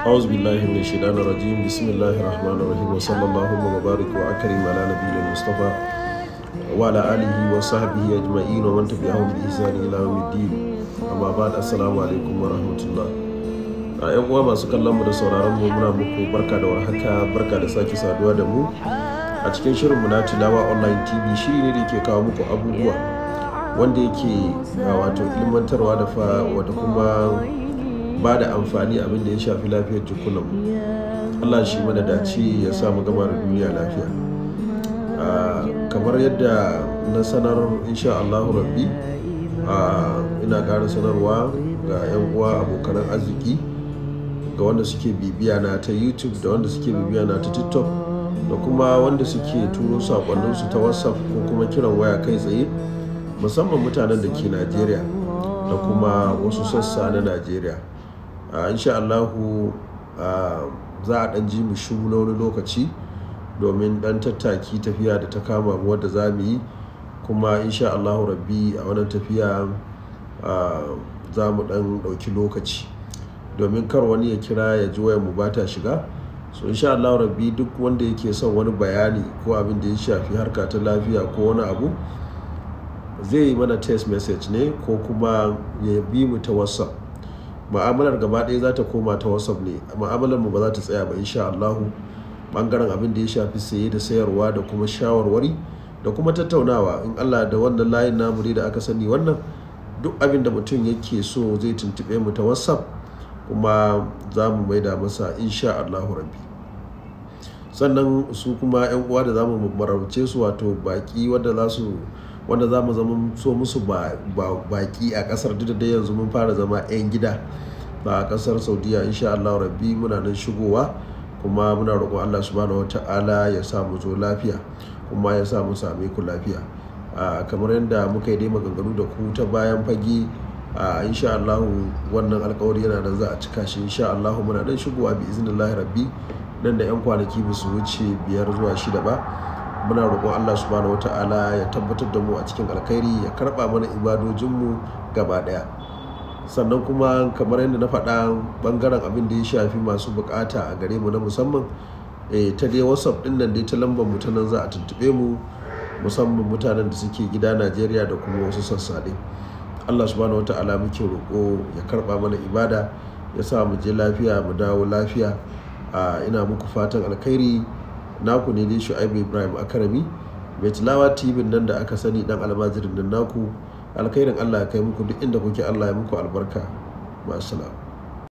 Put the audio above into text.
أعوذ بالله من الشيطان الرجيم بسم الله الرحمن الرحيم وصلى اللهم وبارك وأكرم على نبينا المصطفى وعلى آله وصحبه أجمعين ومن تبعهم بإحسان إلى يوم الدين أما بعد السلام عليكم ورحمة الله ‘yan uwa masu kallon mu da sauraron mu muna muku barka da warhaka barka da sake saduwa da mu a cikin shirinmu na tilawa online tv shiri ne da ke kawo muku abubuwa wanda yake wato ilmantarwa da fa wata kuma ba da amfani abin da ya shafi lafiyar jikunan Allah shi mana dace ya sa mu gama da duniya lafiya ah, kamar yadda na sanar insha Allah rabbi ah, ina ƙara sanarwa ga 'yan uwa abokan arziki ga wanda suke bibiya na ta youtube da wanda suke bibiya na ta tiktok da kuma wanda suke turo su ta whatsapp ko kuma kiran waya kai tsaye musamman mutanen da ke najeriya da kuma wasu sassa na najeriya insha Allahu za a ɗan ji mu shiru na wani lokaci domin ɗan tattaki tafiya da ta kama mu wadda za mu yi kuma insha Allahu rabbi a wannan tafiya za mu ɗan ɗauki lokaci domin kar wani ya kira ya ji wayan mu bata shiga so insha Allahu rabbi duk wanda yake son wani bayani ko abin da ya shafi harka ta lafiya ko wani abu zai yi mana text message ne ko kuma ya bi mu ta whatsapp ma'amalar gaba ɗaya za ta koma ta whatsapp ne ma'amalar mu ba za ta tsaya ba insha allahu ɓangaren abin da ya shafi saye da sayarwa da kuma shawarwari da kuma tattaunawa in allah da wannan layin namu ne da aka sani wannan duk abin da mutum yake so zai tuntuɓe mu ta whatsapp kuma za mu maida masa insha allahu rabbi sannan su kuma 'yan uwa da za mu marabce su wato baki wanda za su wanda za mu zama so musu baki a kasar duk da yanzu mun fara zama 'yan gida ba a kasar saudiya insha Allah rabi muna nan shigowa kuma muna roƙon Allah subhanahu wata'ala ya sa mu zo lafiya kuma ya sa mu same ku lafiya ah, kamar yadda muka yi dai maganganu da ku ta bayan fage a insha Allah wannan alkawari yana nan za a cika shi insha Allah muna dan shigowa bi iznillahi rabbi nan da yan kwanaki ba su wuce biyar zuwa shida ba muna roƙon Allah subhanahu wataala ya tabbatar da mu a cikin alkhairi ya karɓa mana ibadojinmu gaba daya sannan kuma kamar yadda na faɗa bangaren abin da ya shafi masu bukata a gare mu na musamman eh ta dai whatsapp ɗin nan dai ta lambar mu ta nan za a tuntube mu musamman mutanen da suke gida Najeriya da kuma wasu sassa Allah subhanahu muke roƙo ya karɓa mana ibada ya sa mu je lafiya mu dawo lafiya a ina muku fatan alkhairi naku ne dai shu'aibu ibrahim akarami mai tilawa tv nan da aka sani dan almajirin nan naku alkhairin Allah ya kai muku duk inda kuke Allah ya muku albarka ma'asalam